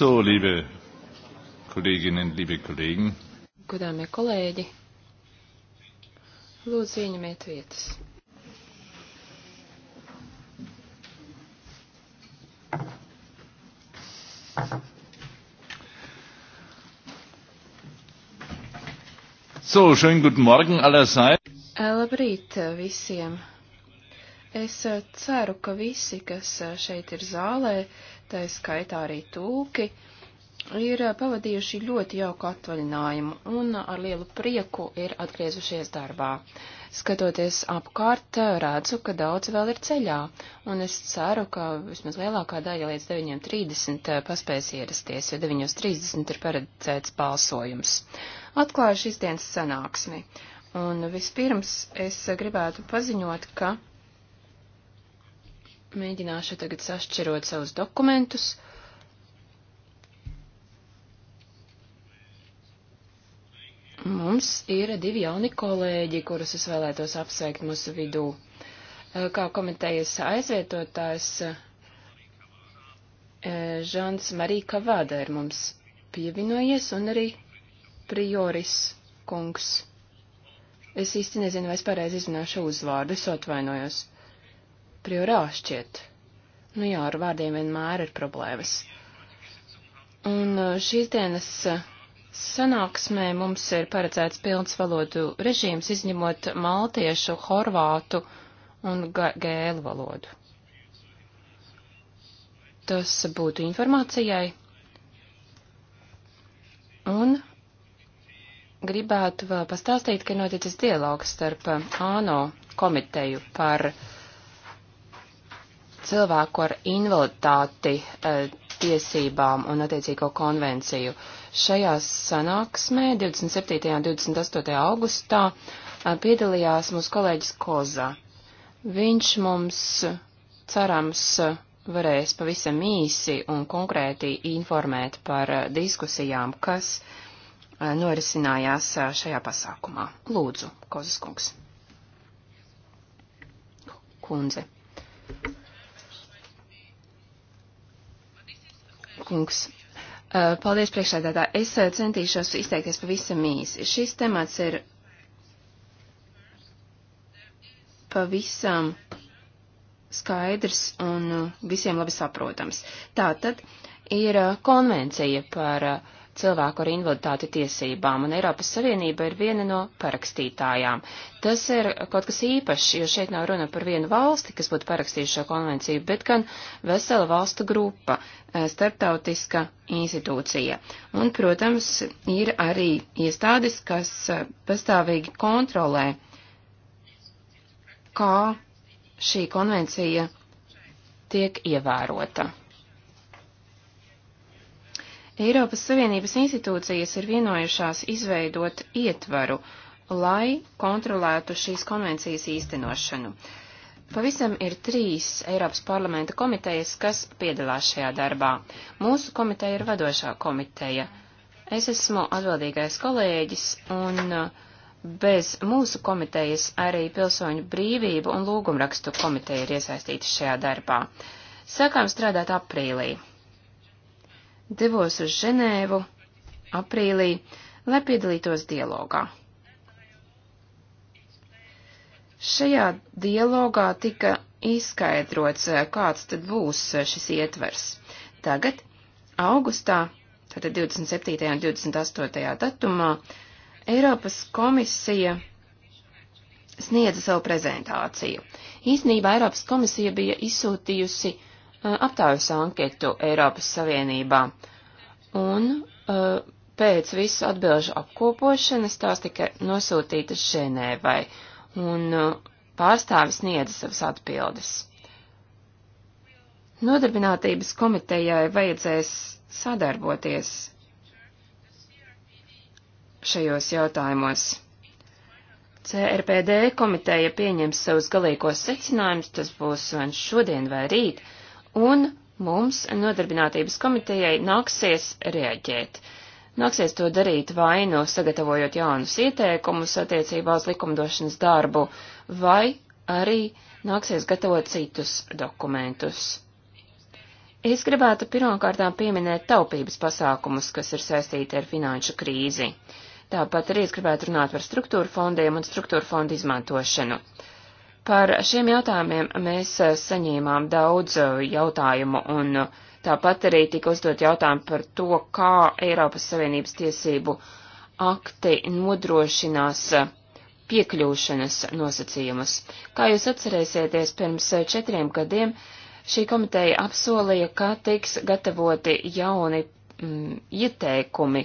So, liebe Kolleginnen, liebe Kollegen. Godāmie kolēģi, lūdzu ieņemiet vietas. So, schönen guten Morgen allerseits. Labrīt visiem. Es eh, ceru, ka visi, kas eh, šeit ir zālē, tā skaitā arī tūki, ir eh, pavadījuši ļoti jauku atvaļinājumu un ar lielu prieku ir atgriezušies darbā. Skatoties apkārt, redzu, ka daudz vēl ir ceļā, un es ceru, ka vismaz lielākā daļa līdz 9.30 paspēs ierasties, jo 9.30 ir paredzēts balsojums. Atklāju šīs dienas sanāksmi, un vispirms es gribētu paziņot, ka Mēģināšu tagad sašķirot savus dokumentus. Mums ir divi jauni kolēģi, kurus es vēlētos apsveikt mūsu vidū. Eh, kā komitejas aizvietotājs eh, Žants Marija Kavāda ir mums pievienojies un arī Prioris kungs. Es īsti nezinu, vai es pareizi izrunāšu uzvārdu, es atvainojos priorā šķiet. Nu jā, ar vārdiem vienmēr ir problēmas. Un uh, šīs dienas uh, sanāksmē mums ir paredzēts pilns valodu režīms, izņemot maltiešu, horvātu un gēlu valodu. Tas būtu informācijai. Un gribētu vēl pastāstīt, ka noticis dialogs starp uh, ANO komiteju par uh, cilvēku ar invaliditāti eh, tiesībām un attiecīgo konvenciju. Šajā sanāksmē 27. un 28. augustā eh, piedalījās mūsu kolēģis Koza. Viņš mums, cerams, varēs pavisam īsi un konkrēti informēt par eh, diskusijām, kas norisinājās šajā pasākumā. Lūdzu, Kozas kungs. Kundze. kungs. Eh, paldies, priekšsēdētā. Es eh, centīšos izteikties pavisam īsi. Šis temats ir pavisam skaidrs un eh, visiem labi saprotams. Tātad ir konvencija par uh, cilvēku ar invaliditāti tiesībām, un Eiropas Savienība ir viena no parakstītājām. Tas ir kaut kas īpašs, jo šeit nav runa par vienu valsti, kas būtu parakstījuši šo konvenciju, bet gan vesela valstu grupa, eh, starptautiska institūcija. Un, protams, ir arī iestādes, kas eh, pastāvīgi kontrolē, kā šī konvencija tiek ievērota. Eiropas Savienības institūcijas ir vienojušās izveidot ietvaru, lai kontrolētu šīs konvencijas īstenošanu. Pavisam ir trīs Eiropas parlamenta komitejas, kas piedalās šajā darbā. Mūsu komiteja ir vadošā komiteja. Es esmu atbildīgais kolēģis un uh, bez mūsu komitejas arī pilsoņu brīvību un lūgumrakstu komiteja ir iesaistīta šajā darbā. Sākām strādāt aprīlī devos uz Ženēvu aprīlī, lai piedalītos dialogā. Šajā dialogā tika izskaidrots, kāds tad būs šis ietvers. Tagad, augustā, tātad 27. un 28. datumā, Eiropas komisija sniedza savu prezentāciju. Īsnībā Eiropas komisija bija izsūtījusi uh, Eh, aptaujas anketu Eiropas Savienībā. Un eh, pēc visu atbilžu apkopošanas tās tika nosūtītas Ženēvai, un eh, pārstāvis niedza savas atbildes. Nodarbinātības komitejai vajadzēs sadarboties šajos jautājumos. CRPD komiteja pieņems savus galīgos secinājumus, tas būs vai nu šodien vai rīt, un mums nodarbinātības komitejai nāksies reaģēt. Nāksies to darīt vai nu sagatavojot jaunus ieteikumus attiecībā uz likumdošanas darbu, vai arī nāksies gatavot citus dokumentus. Es gribētu pirmkārtām pieminēt taupības pasākumus, kas ir saistīti ar finanšu krīzi. Tāpat arī es gribētu runāt par struktūra fondiem un struktūra fondu izmantošanu. Par šiem jautājumiem mēs eh, saņēmām daudz eh, jautājumu un eh, tāpat arī tika uzdot jautājumu par to, kā Eiropas Savienības tiesību akti nodrošinās piekļūšanas nosacījumus. Kā jūs atcerēsieties, pirms četriem gadiem šī komiteja apsolīja, ka tiks gatavoti jauni mm, ieteikumi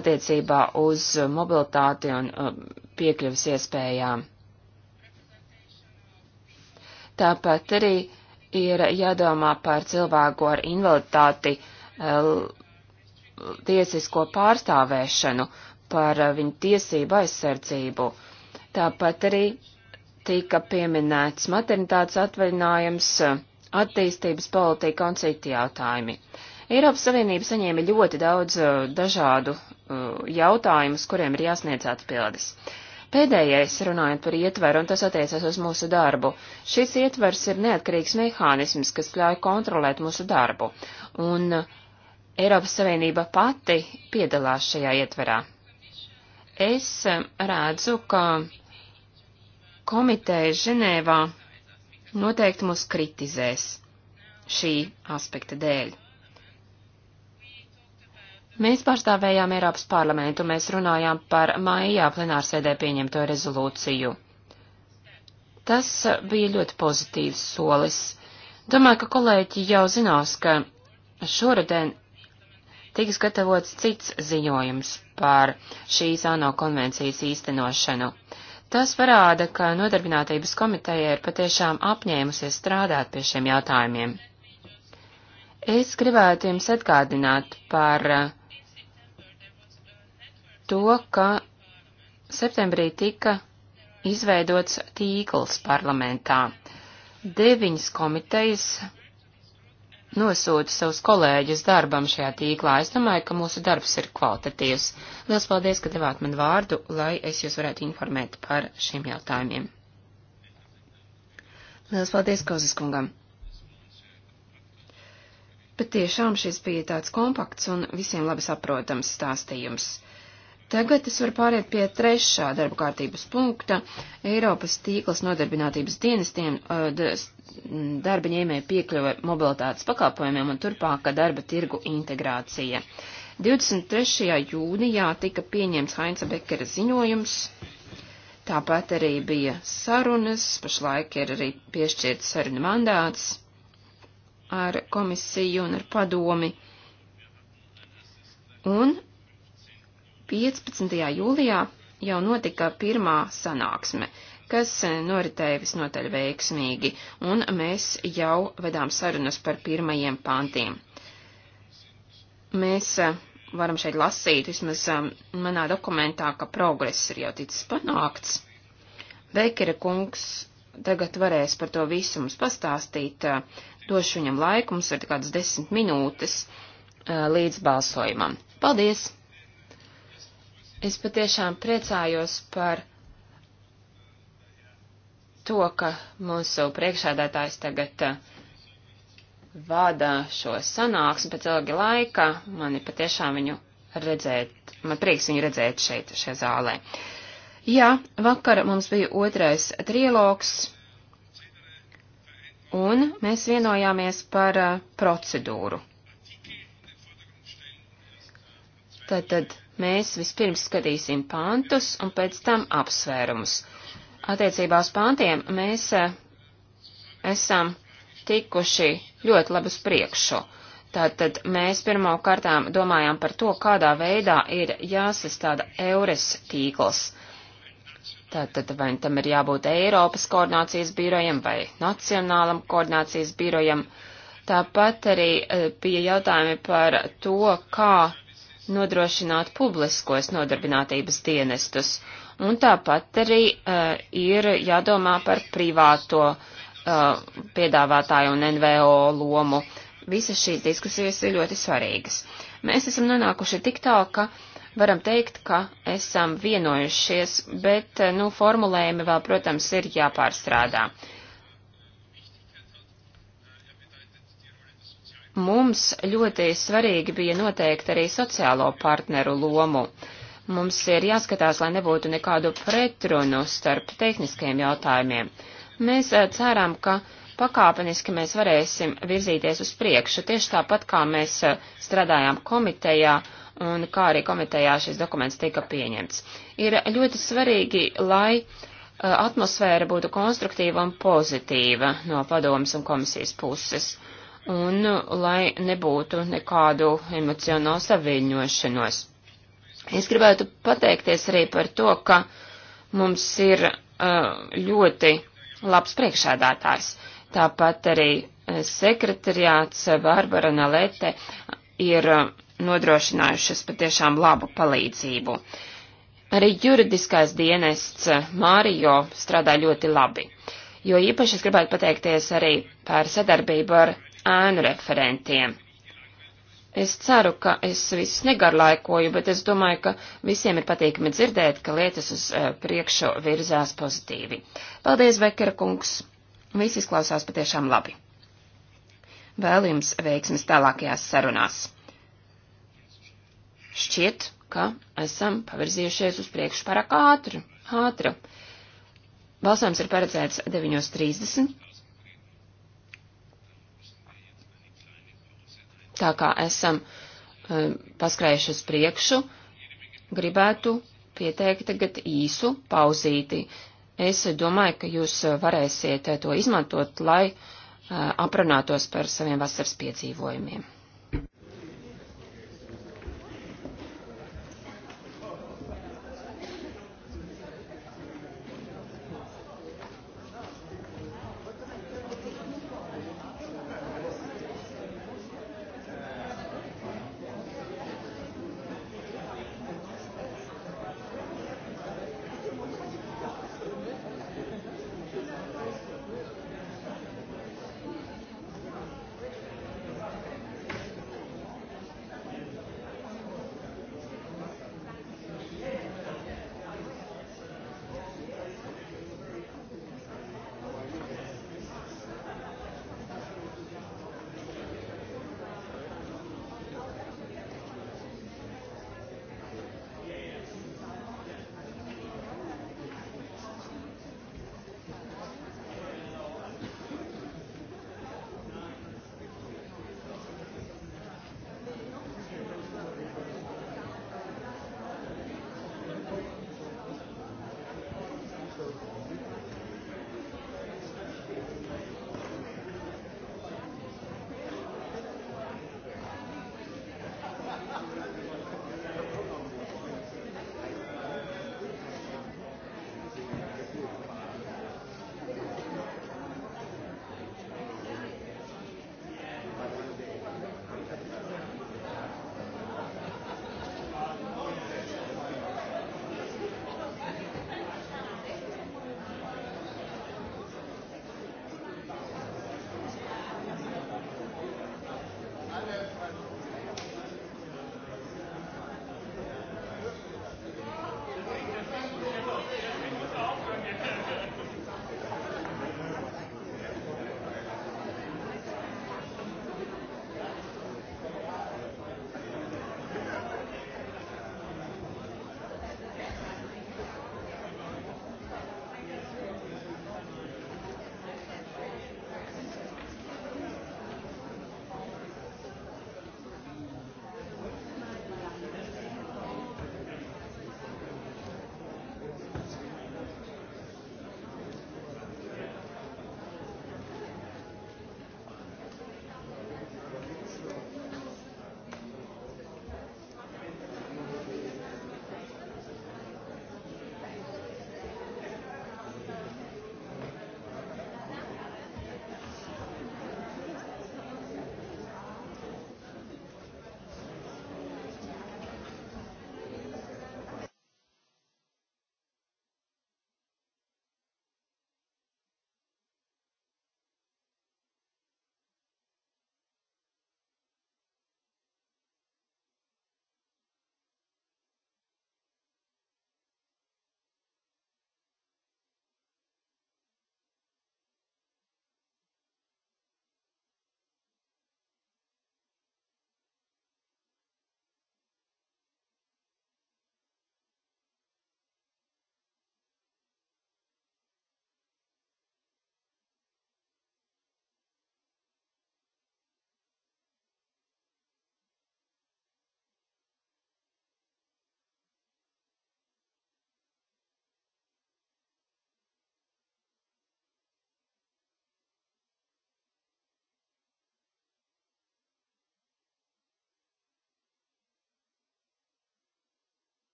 attiecībā uz mobilitāti un mm, piekļuvas iespējām. Tāpat arī ir jādomā par cilvēku ar invaliditāti eh, tiesisko pārstāvēšanu, par eh, viņu tiesību aizsardzību. Tāpat arī tika pieminēts maternitātes atvaļinājums, eh, attīstības politika un citi jautājumi. Eiropas Savienība saņēma ļoti daudz dažādu jautājumus, kuriem ir jāsniedz atbildes. Uh, Pēdējais runājot par ietveru, un tas attiecas uz mūsu darbu. Šis ietvers ir neatkarīgs mehānisms, kas ļauj kontrolēt mūsu darbu, un Eiropas Savienība pati piedalās šajā ietverā. Es redzu, ka komiteja Ženēvā noteikti mūs kritizēs šī aspekta dēļ. Mēs pārstāvējām Eiropas parlamentu, mēs runājām par maijā plenārsēdē pieņemto rezolūciju. Tas bija ļoti pozitīvs solis. Domāju, ka kolēģi jau zinās, ka šoreden tiks gatavots cits ziņojums par šīs ANO konvencijas īstenošanu. Tas parāda, ka nodarbinātības komiteja ir patiešām apņēmusies strādāt pie šiem jautājumiem. Es gribētu jums atgādināt par to, ka septembrī tika izveidots tīkls parlamentā. Deviņas komitejas nosūta savus kolēģus darbam šajā tīklā. Es domāju, ka mūsu darbs ir kvalitatīvs. Lielas paldies, ka devāt man vārdu, lai es jūs varētu informēt par šiem jautājumiem. Lielas paldies, Kozis kungam! Bet tiešām šis bija tāds kompakts un visiem labi saprotams stāstījums. Tagad es varu pāriet pie trešā darba kārtības punkta - Eiropas tīklas nodarbinātības dienestiem darba ņēmēja piekļuve mobilitātes pakāpojumiem un turpāka darba tirgu integrācija. 23. jūnijā tika pieņemts Heinza Bekera ziņojums, tāpat arī bija sarunas, pašlaik ir arī piešķirts saruna mandāts ar komisiju un ar padomi. Un 15. jūlijā jau notika pirmā sanāksme, kas eh, noritēja visnotaļ veiksmīgi, un mēs jau vedām sarunas par pirmajiem pantiem. Mēs eh, varam šeit lasīt, vismaz eh, manā dokumentā, ka progress ir jau ticis panākts. Beikera kungs tagad varēs par to visu mums pastāstīt, došu viņam laiku, mums ir kādas desmit minūtes līdz balsojumam. Paldies! Es patiešām priecājos par to, ka mūsu priekšādātājs tagad uh, vada šo sanāksmi pēc ilga laika. Man ir patiešām viņu redzēt, man prieks viņu redzēt šeit, šajā zālē. Jā, vakar mums bija otrais trilogs, un mēs vienojāmies par uh, procedūru. Tātad Mēs vispirms skatīsim pantus un pēc tam apsvērumus. Attiecībā uz pantiem mēs eh, esam tikuši ļoti labi uz priekšu. Tātad mēs pirmām kārtām domājām par to, kādā veidā ir jāsastāda eures tīkls. Tātad vai tam ir jābūt Eiropas koordinācijas birojam vai Nacionālam koordinācijas birojam. Tāpat arī eh, bija jautājumi par to, kā nodrošināt publiskos nodarbinātības dienestus, un tāpat arī uh, ir jādomā par privāto uh, piedāvātāju un NVO lomu. Visas šīs diskusijas ir ļoti svarīgas. Mēs esam nonākuši tik tālu, ka varam teikt, ka esam vienojušies, bet, eh, nu, formulējumi vēl, protams, ir jāpārstrādā. Uh, Mums ļoti svarīgi bija noteikt arī sociālo partneru lomu. Mums ir jāskatās, lai nebūtu nekādu pretrunu starp tehniskiem jautājumiem. Mēs eh, ceram, ka pakāpeniski mēs varēsim virzīties uz priekšu, tieši tāpat kā mēs eh, strādājām komitejā un kā arī komitejā šis dokuments tika pieņemts. Ir ļoti svarīgi, lai eh, atmosfēra būtu konstruktīva un pozitīva no padomas un komisijas puses un uh, lai nebūtu nekādu emocionālu saviņošanos. Es gribētu pateikties arī par to, ka mums ir uh, ļoti labs priekšādātājs. Tāpat arī uh, sekretariāts Bārbara Nalete ir nodrošinājušas patiešām labu palīdzību. Arī juridiskais dienests Mārijo strādā ļoti labi, jo īpaši es gribētu pateikties arī par sadarbību ar ēnu referentiem. Es ceru, ka es visus negarlaikoju, bet es domāju, ka visiem ir patīkami dzirdēt, ka lietas uz eh, priekšu virzās pozitīvi. Paldies, Vekera kungs! Viss izklausās patiešām labi. Vēl jums veiksmes tālākajās sarunās. Šķiet, ka esam pavirzījušies uz priekšu parāk ātri. ātri. Balsojums ir paredzēts 9.30. tā kā esam um, paskrējuši uz priekšu, gribētu pieteikt tagad īsu pauzīti. Es domāju, ka jūs varēsiet to izmantot, lai uh, aprunātos par saviem vasaras piedzīvojumiem.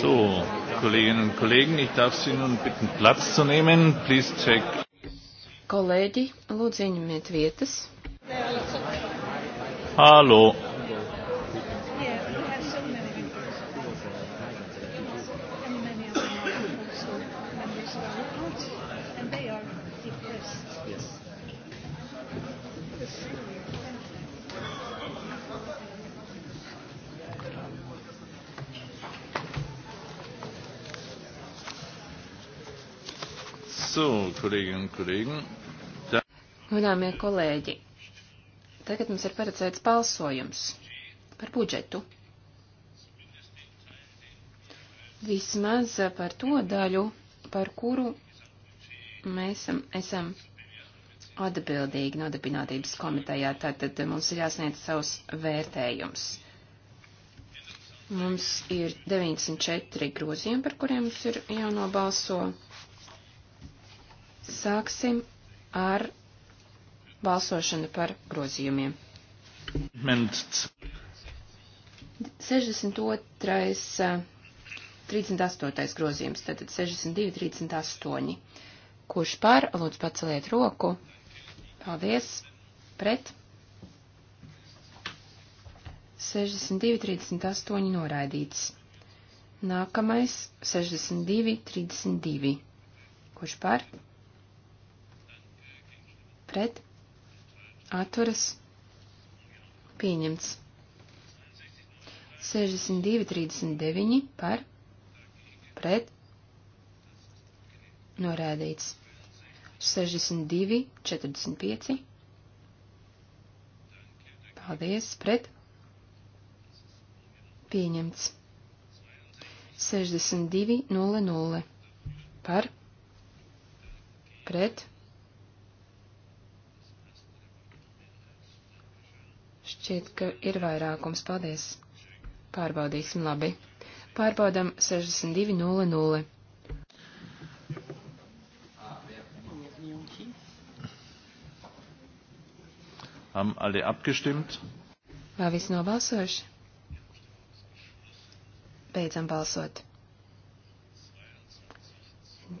So, Kolleginnen und Kollegen, ich darf Sie nun bitten, Platz zu nehmen. Please check. Kolēģi, lūdzu, ieņemiet vietas. Halo. Kolleginnen un Kollegen. Godāmie kolēģi, tagad mums ir paredzēts balsojums par budžetu. Vismaz par to daļu, par kuru mēs esam, esam atbildīgi nodarbinātības komitejā, tātad mums ir jāsniedz savs vērtējums. Mums ir 94 grozījumi, par kuriem mums ir jānobalso. Sāksim ar balsošanu par grozījumiem. Ments. 62. 38. grozījums, tātad 62, 38. Kurš par, lūdzu, paceliet roku. Paldies. Pret. 62, 38 noraidīts. Nākamais 62, 32. Kurš par? pret, atturas, pieņemts. 62, 39 par, pret, norādīts. 62, 45. Paldies, pret. Pieņemts. 62, 00 par, pret, norādīts Šķiet, ka ir vairākums. Paldies. Pārbaudīsim labi. Pārbaudam 62.00. Haben alle abgestimmt? Vai viss nobalsojuši? Beidzam balsot.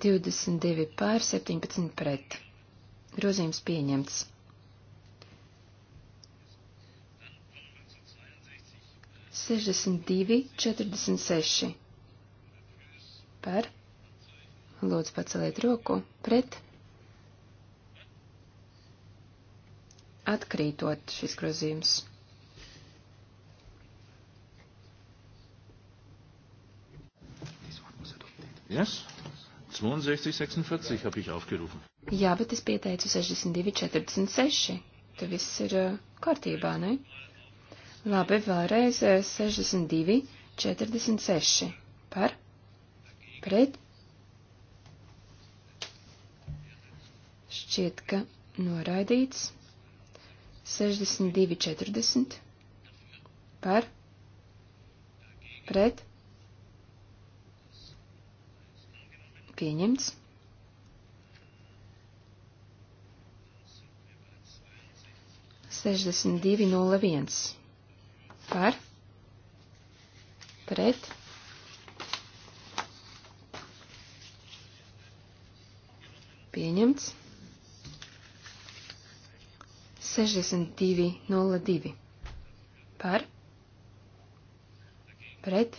22 pār 17 pret. Grozījums pieņemts. 62, 46. Par. Lūdzu, paceliet roku. Pret. Atkrītot šis grozījums. Yes? 62, 46 habe ich aufgerufen. Jā, bet es pieteicu 62, 46. Tev viss ir kārtībā, ne? Labi, vēlreiz 62, eh, 46 par, pret. Šķiet, ka noraidīts 62, 40 par, pret. Pieņemts. Sešdesmit divi nulle viens par, pret, pieņemts, 62.02 par, pret,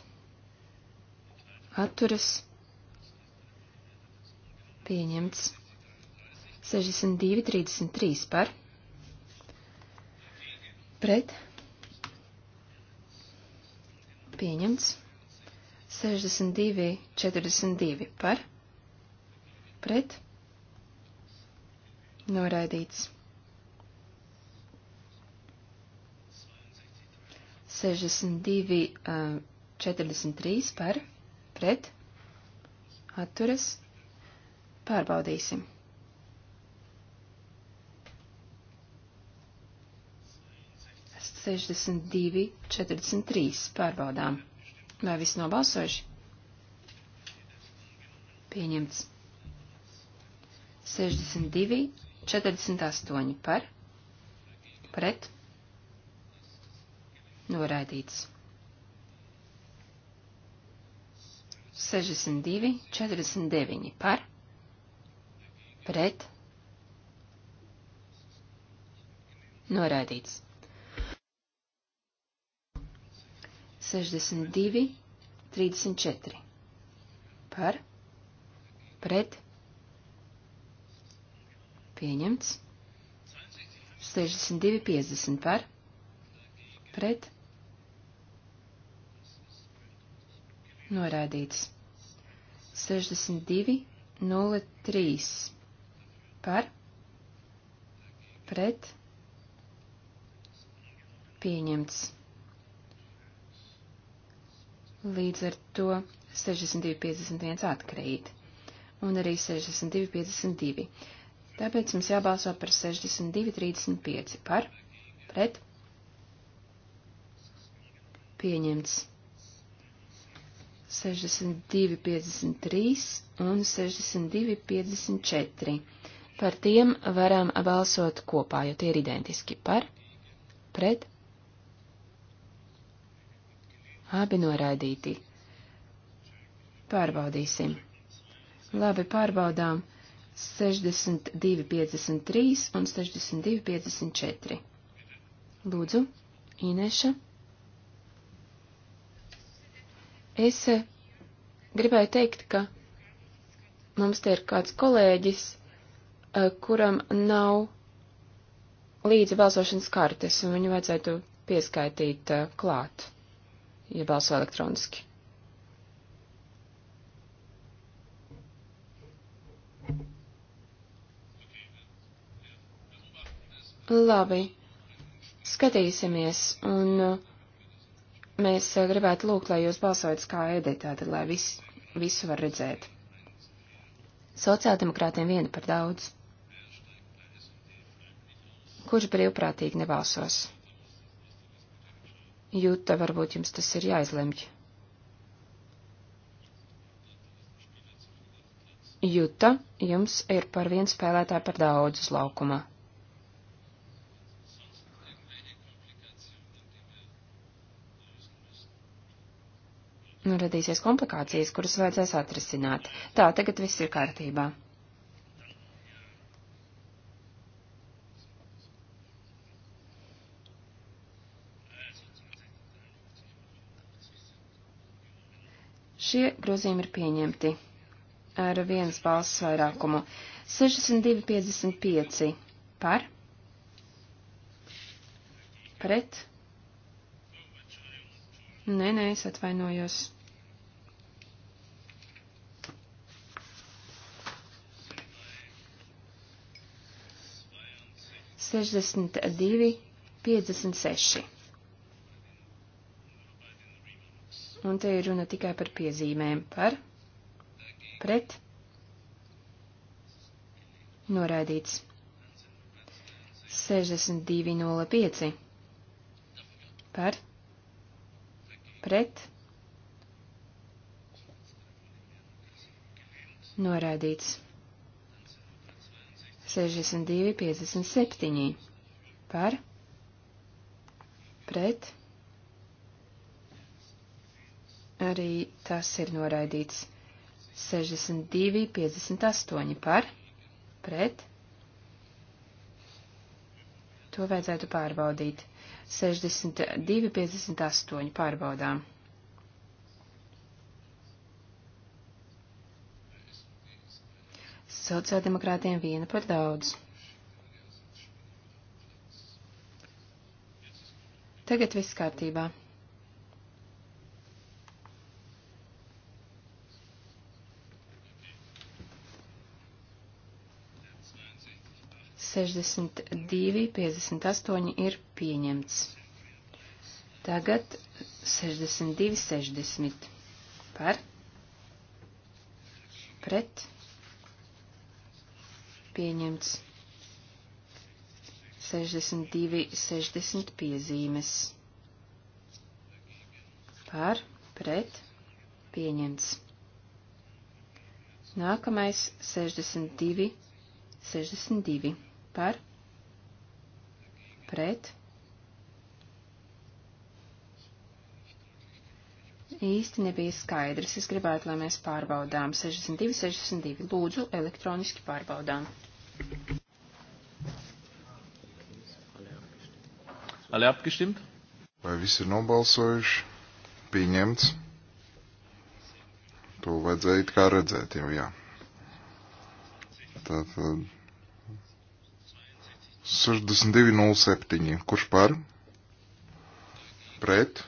atturas, pieņemts, 62.33 par, pret, Pieņemts. 62, 42 par. Pret. Noraidīts. 62, 43 par. Pret. Atturas. Pārbaudīsim. 62, 43. Pārbaudām. Vai visi nobalsojuši? Pieņemts. 62, 48 par, pret, noraidīts. 62, 49 par, pret, noraidīts. 62, 34. Par, pret, pieņemts. 62, 50 par, pret, norādīts. 62, 03 par, pret, pieņemts. Līdz ar to 62.51 atkrīt. Un arī 62.52. Tāpēc mums jābalso par 62.35. Par? Pret? Pieņemts. 62.53 un 62.54. Par tiem varam balsot kopā, jo tie ir identiski. Par? Pret? Abi noraidīti. Pārbaudīsim. Labi, pārbaudām 62,53 un 62,54. Lūdzu, Ineša. Es eh, gribēju teikt, ka mums te ir kāds kolēģis, eh, kuram nav līdzi balsošanas kartes, un viņu vajadzētu pieskaitīt eh, klāt jābalso elektroniski. Labi, skatīsimies, un uh, mēs uh, gribētu lūgt, lai jūs balsojat kā editā, tad lai vis, visu var redzēt. Sociāldemokrātiem viena par daudz. Kurš brīvprātīgi nebalsos? Jūta, varbūt jums tas ir jāizlemj. Jūta, jums ir par vienu spēlētāju par daudz uz laukuma. Nu, radīsies komplikācijas, kuras vajadzēs atrisināt. Tā, tagad viss ir kārtībā. Šie grozījumi ir pieņemti ar vienas balss vairākumu. 62,55 par, pret, nē, nē, es atvainojos. Sešdesmit divi, piecdesmit seši. un te ir runa tikai par piezīmēm par, pret, noraidīts. 62.05 par, pret, noraidīts. 62.57 par, pret, Arī tas ir noraidīts. 62, 58 par, pret. To vajadzētu pārbaudīt. 62, 58 pārbaudām. Sociāldemokrātiem viena par daudz. Tagad viss kārtībā. 62, 58 ir pieņemts. Tagad 62, 60 par, pret, pieņemts. 62, 60 piezīmes par, pret, pieņemts. Nākamais 62, 62 par pret. Īsti nebija skaidrs. Es gribētu, lai mēs pārbaudām 62, 62. Lūdzu, elektroniski pārbaudām. Alle abgestimmt? Vai visi ir nobalsojuši? Pieņemts. To vajadzēja it kā redzēt jau, jā. Tātad 6207. Kurš par? Pret?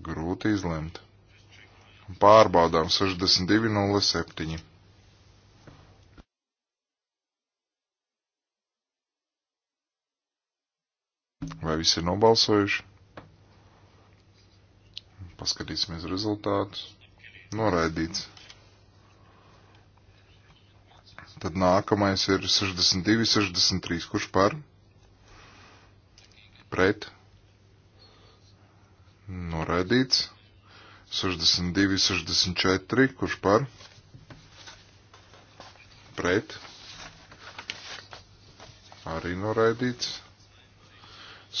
Grūti izlemt. Pārbaudām 6207. Vai visi ir nobalsojuši? Paskatīsimies rezultātus. Noraidīts. Tad nākamais ir 62, 63. Kurš par? Pret. Noraidīts. 62, 64. Kurš par? Pret. Arī noraidīts.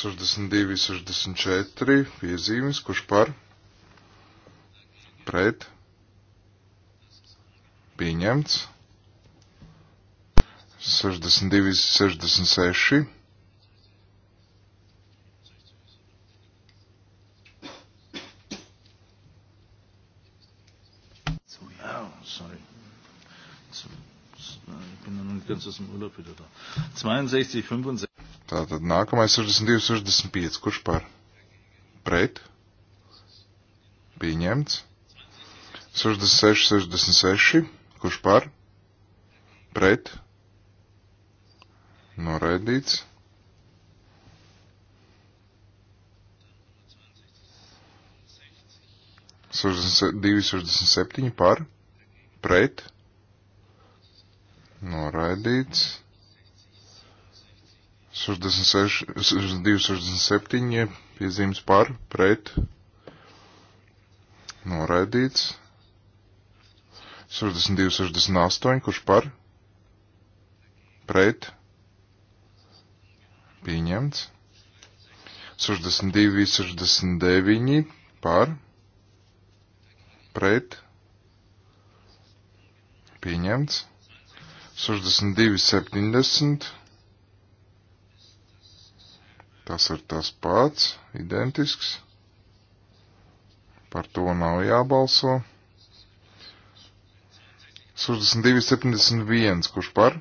62, 64. Piezīmes. Kurš par? Pret. Pieņemts. 62, 66. ganzes im Urlaub wieder da. 62, 65. Tātad nākamais 62, 65. Kurš par? Pret? Pieņemts. 66, 66. Kurš par? Pret? noraidīts. Divi sešdesmit septiņi par, pret, noraidīts. 66, 267 piezīmes par, pret, noraidīts. 62, 68, kurš par, pret, pieņemts. 62, 69 par, pret, pieņemts. 62, 70. Tas ir tas pats, identisks. Par to nav jābalso. 62, 71, kurš par?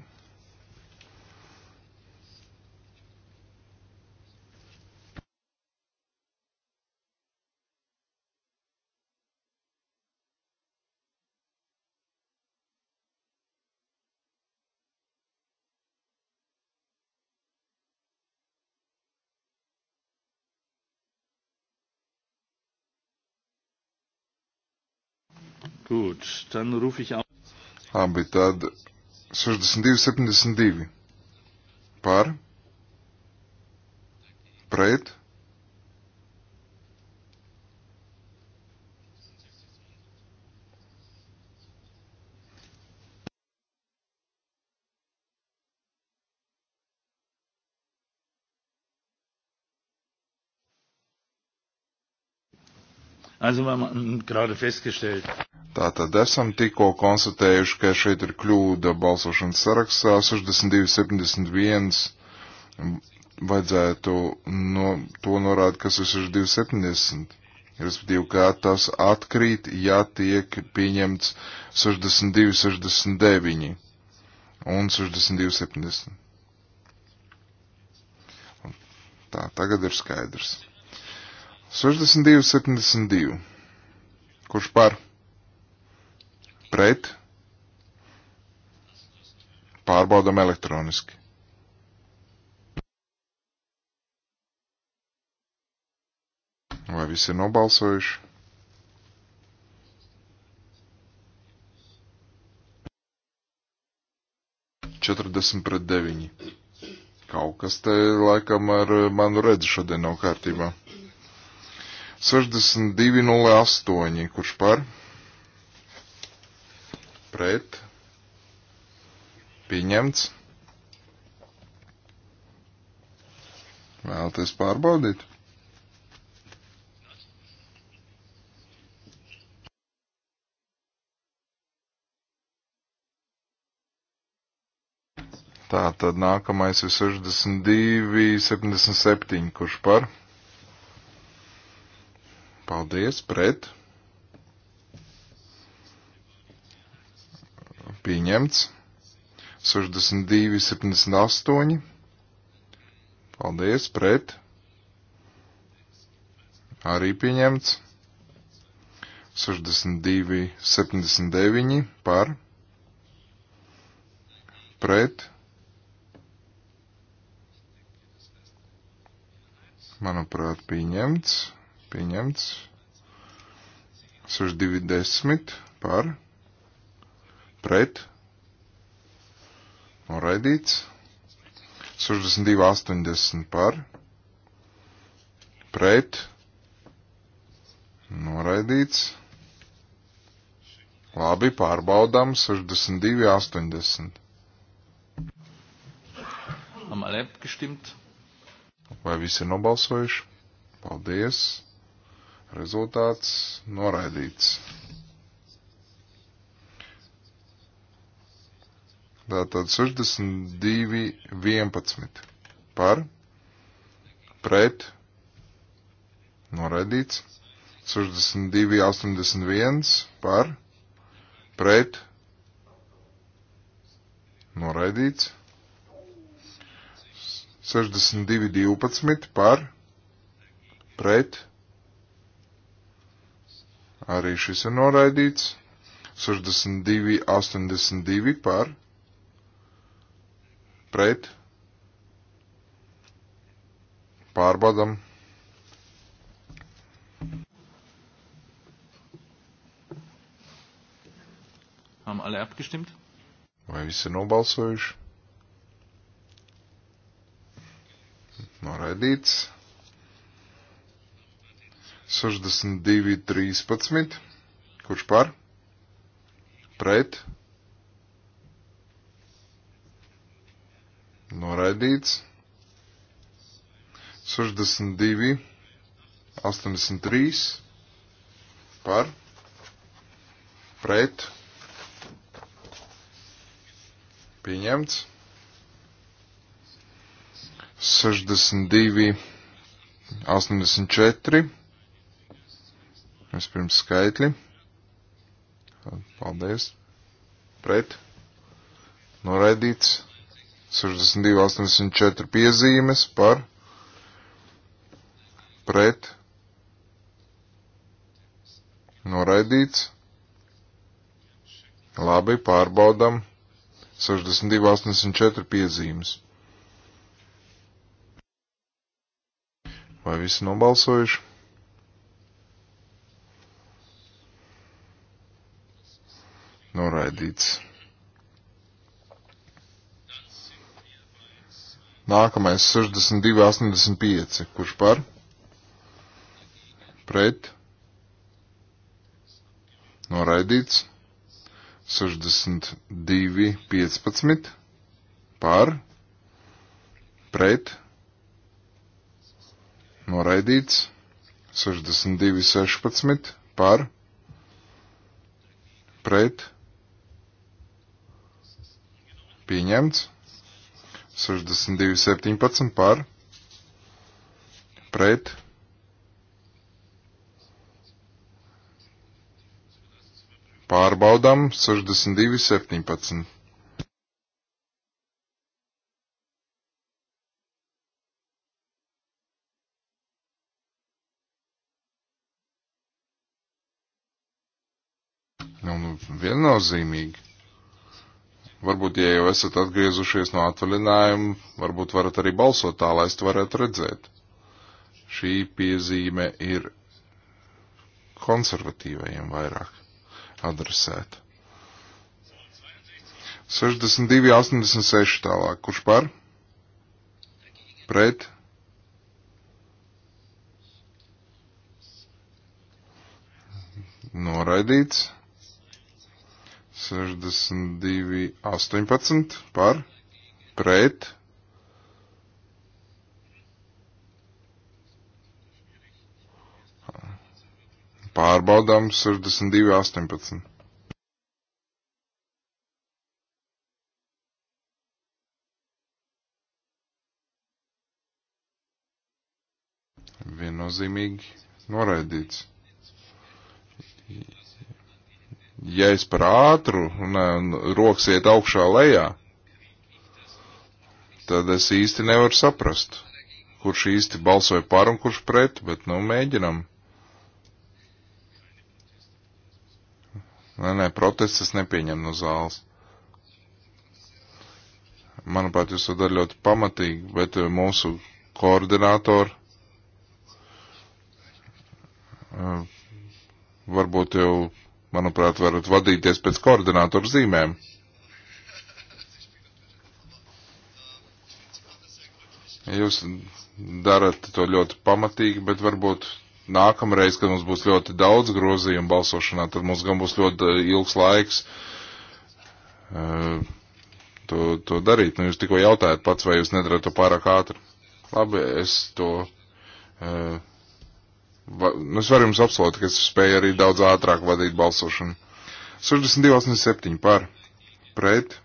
Gut, dann rufe ich auf. Labi, tad 62-72 par, pret, also wir haben gerade festgestellt Tātad esam tikko konstatējuši, ka šeit ir kļūda balsošanas sarakstā 6271. Vajadzētu no, to norādīt, kas ir 6270. Respektīvi, kā tas atkrīt, ja tiek pieņemts 6269 un 6270. Tā, tagad ir skaidrs. 6272. Kurš par? pret, pārbaudam elektroniski. Vai visi ir nobalsojuši? Četrdesmit pret deviņi. Kaut kas te laikam ar manu redzi šodien nav kārtībā. 62.08. Kurš par? pret pieņemts. Vēlaties pārbaudīt? Tā tad nākamais ir 62, 77, kurš par? Paldies, pret. pieņemts. 62, 78. Paldies, pret. Arī pieņemts. 62, 79 par. Pret. Manuprāt, pieņemts. Pieņemts. 62, 10 par pret, noraidīts, 62, 80 par, pret, noraidīts, labi, pārbaudām, 62, 80. Am alle abgestimmt? Vai visi ir nobalsojuši? Paldies! Rezultāts noraidīts. Tātad 62, 11 par, pret, noraidīts. 62, 81 par, pret, noraidīts. 62, 12 par, pret, arī šis ir noraidīts. 62, 82 par, pret pret, pārbaudam. Haben alle abgestimmt? Vai visi ir nobalsojuši? Noraidīts. 62, 13. Kurš par? Pret? noraidīts. 62, 83 par pret pieņemts. 62, 84. Vispirms skaitļi. Paldies. Pret. Noraidīts. 62, 84 piezīmes par pret noraidīts. Labi, pārbaudam 62, 84 piezīmes. Vai visi nobalsojuši? Noraidīts. Nākamais 62,85. Kurš par? Pret. Noraidīts. 62,15. Par. Pret. Noraidīts. 62,16. Par. Pret. Pieņemts. 62.17 par pret pārbaudām 62.17. Nu, nu, viennozīmīgi. Varbūt, ja jau esat atgriezušies no atvaļinājuma, varbūt varat arī balsot tā, lai es to varētu redzēt. Šī piezīme ir konservatīvajiem vairāk adresēta. 62, 86 tālāk. Kurš par? Pret? Noraidīts. 62, 18 par, pret. Pārbaudām 62, 18. Viennozīmīgi noraidīts ja es par ātru un rokas iet augšā lejā, tad es īsti nevaru saprast, kurš īsti balsoja par un kurš pret, bet nu mēģinam. Nē, nē, protestus nepieņem no zāles. Manuprāt, jūs to darāt ļoti pamatīgi, bet eh, mūsu koordinātori eh, varbūt jau Manuprāt, varat vadīties pēc koordinātoru zīmēm. Jūs darat to ļoti pamatīgi, bet varbūt nākamreiz, kad mums būs ļoti daudz grozījumu balsošanā, tad mums gan būs ļoti ilgs laiks uh, to, to darīt. Nu, jūs tikko jautājat pats, vai jūs nedarat to pārāk ātri. Labi, es to uh, Va, nu, es varu jums apsolot, ka es spēju arī daudz ātrāk vadīt balsošanu. 62,87 par, pret,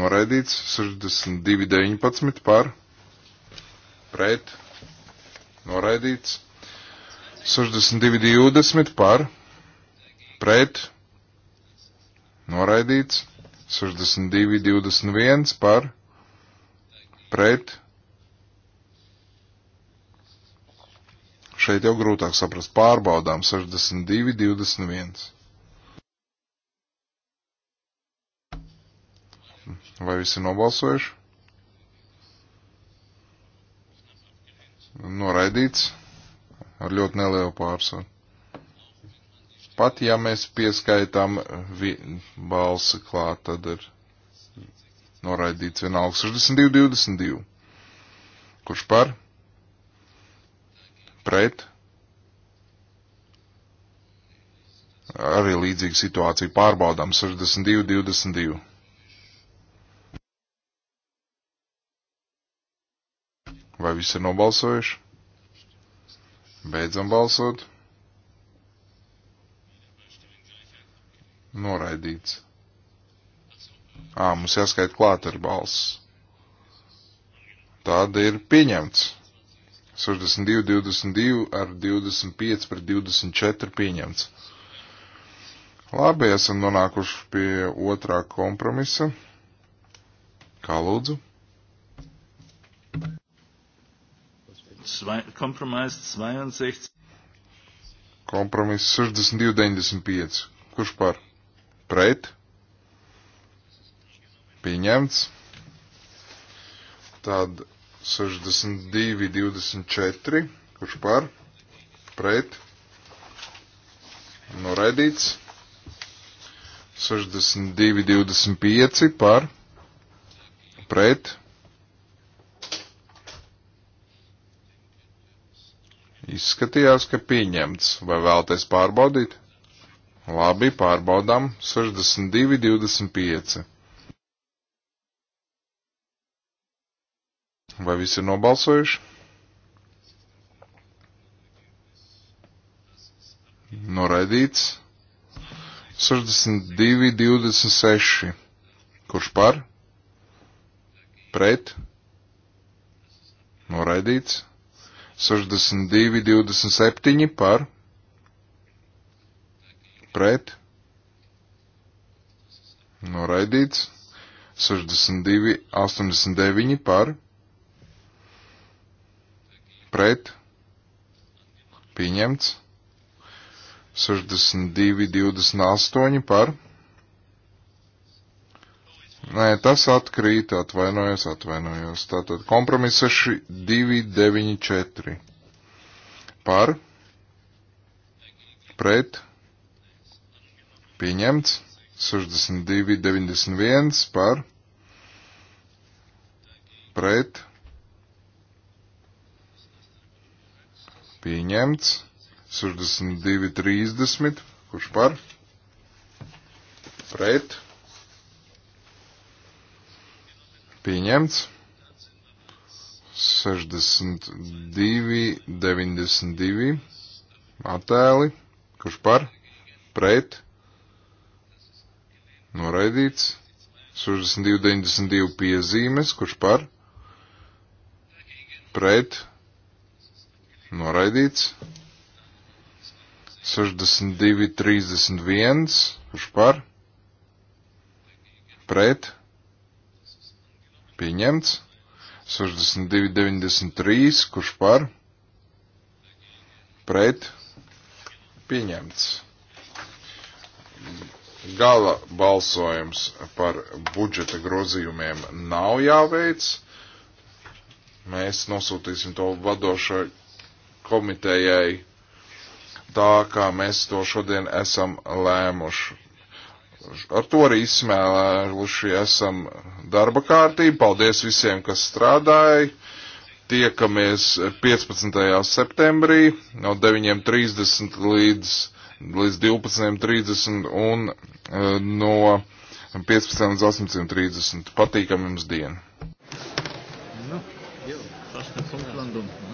noraidīts, 62,19 par, pret, noraidīts, 62,20 par, pret, noraidīts, 62,21 par, pret, Šeit jau grūtāk saprast pārbaudām 62, 21. Vai visi nobalsojuši? Noraidīts ar ļoti nelielu pārsvaru. Pat ja mēs pieskaitām balsi klāt, tad ir noraidīts vienalga 62, 22. Kurš par? pret. Arī līdzīga situācija pārbaudām 62, 22. Vai visi ir nobalsojuši? Beidzam balsot. Noraidīts. Ā, mums jāskait klāt ar balss. Tāda ir pieņemts. 62, 22 ar 25 pret 24 pieņemts. Labi, esam nonākuši pie otrā kompromisa. Kā lūdzu? Kompromiss 62. Kompromiss 62, 95. Kurš par? Pret? Pieņemts. Tad 62, 24, kurš par, pret, noraidīts, 62, 25, par, pret, izskatījās, ka pieņemts, vai vēlties pārbaudīt? Labi, pārbaudām, 62, 25. Vai visi ir nobalsojuši? Noraidīts. 62, 26. Kurš par? Pret? Noraidīts. 62, 27 par? Pret? Noraidīts. 62, 89 par? pret, pieņemts, 62, 28 par, nē, tas atkrīt, atvainojos, atvainojos, tātad kompromiss 6, 2, 9, 4 par, pret, pieņemts, 62, 91 par, pret, pieņemts, pieņemts. 62, 30, kurš par? Pret. Pieņemts. 62, 92, attēli, kurš par? Pret. Noraidīts. 62, 92 piezīmes, kurš par? Pret noraidīts. 62, 31, kurš par, pret, pieņemts. 62, 93, kurš par, pret, pieņemts. Gala balsojums par budžeta grozījumiem nav jāveic. Mēs nosūtīsim to vadošai komitejai tā, kā mēs to šodien esam lēmuši. Ar to arī izsmēluši esam darba kārtību. Paldies visiem, kas strādāja. Tiekamies 15. septembrī no 9.30 līdz, līdz 12.30 un eh, no 15 līdz 18.30. Patīkam jums dienu! Nu, jau, tas ir Funklandums.